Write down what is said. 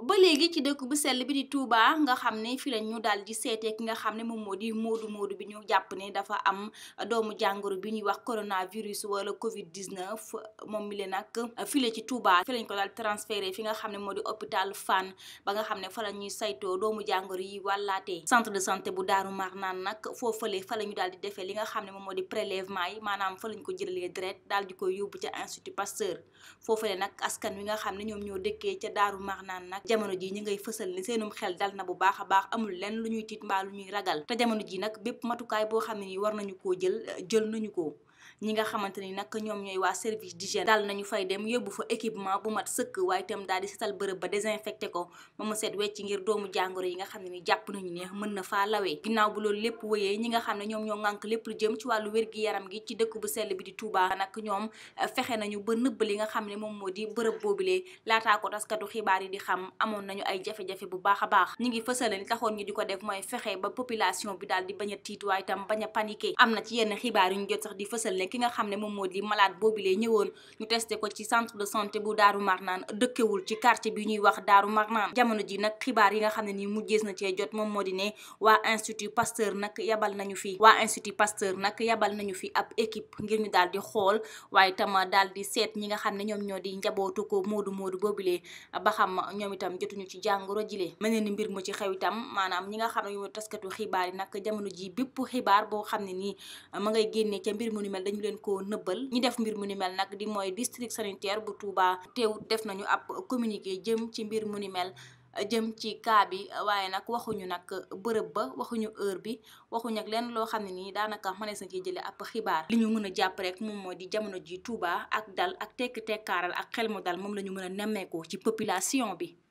ba léegi ci dëkk bu sell bi di Touba nga xam ne fi la ñu daal di seetee ki nga xam ne moom moo di moodu moodu bi ñu jàpp ne dafa am doomu jàngoro bi ñuy wax coronavirus wala Covid 19 moom mi nag fi la ci Touba fi lañ ko daal transféré fi nga xam ne moo di hôpital Fann ba nga xam ne fa la ñuy saytoo doomu jàngoro yi wàllaatee centre de santé bu Daaru Marnaan nag foofale fa la ñu daal di defee li nga xam ne moom moo di prélèvement yi maanaam fa lañ ko jëlalee deret daal di ko yóbbu ca institut Pasteur foofale nag askan wi nga xam ne ñoom ñoo dëkkee ca Daaru Marnaan nag jamono ji ñu ngay fësal ni seenum xel dal na bu baax a baax amul lenn lu ñuy tiit mbaa lu ñuy ragal te jamono ji nag bépp matukaay boo xam ne ni war nañu koo jël jël nañu ko ñi nga xamante ni nag ñoom ñooy waa service d'hygiène daal nañu fay dem yóbbu fa équipement bu mat sëkk waaye itam daal di setal bërëb ba désinfecté ko ba mu set wecc ngir doomu jàngoro yi nga xam ne ni jàpp nañu ñoom ñoo ŋànk lépp jëm ci wàllu wér-gi-yaram gi ci dëkk bu sell bi di Touba nag ñoom eh, fexe nañu ba nëbb li nga xam ne moom moo di bërëb boobilee laataa ko taskatu xibaar yi di xam amoon nañu ay jafe-jafe bu baax a baax ñi ngi fësale ni taxoon ñu di ko def mooy fexe ba population bi daal di a a ne ki nga xam ne moom moo di malade boobu lee ñëwoon ñu testé ko ci centre de santé bu Daaru Marnaan dëkkewul ci quartier bi ñuy wax Daaru Marnaan jamono ji nag xibaar yi nga xam ne nii mujjees na cee jot moom moo di ne waa institut Pasteur nag yabal nañu fi waa institut Pasteur nag yabal nañu fi ab équipe ngir daal di xool waaye tam daal di seet ñi nga xam ne ñoom ñoo di njabootu ko moodu moodu boobilee ba xam ñoom itam jotuñu ci jàngoro jilee mënee ni mbir mu ci xew itam maanaam ñi nga xam ne ñoo taskatu xibaar yi nag jamono ji bépp xibaar boo xam ne nii ma ngay génnee ca mbir mu ni mel dañu leen ko nëbbal ñi def mbir mu ni mel nag di mooy district sanitaire bu Touba teew def nañu ab communiqué jëm ci mbir mu ni mel jëm ci cas bi waaye nag waxuñu nag bërëb ba waxuñu heure bi waxuñu ak lenn loo xam ne nii daanaka mënees na ci jëlee ab xibaar li ñu mën a jàpp rek moom moo di jamono ji Touba ak dal ak tekk tekkaaral ak xel mu dal moom la ñu mën a nemmeekoo ci population bi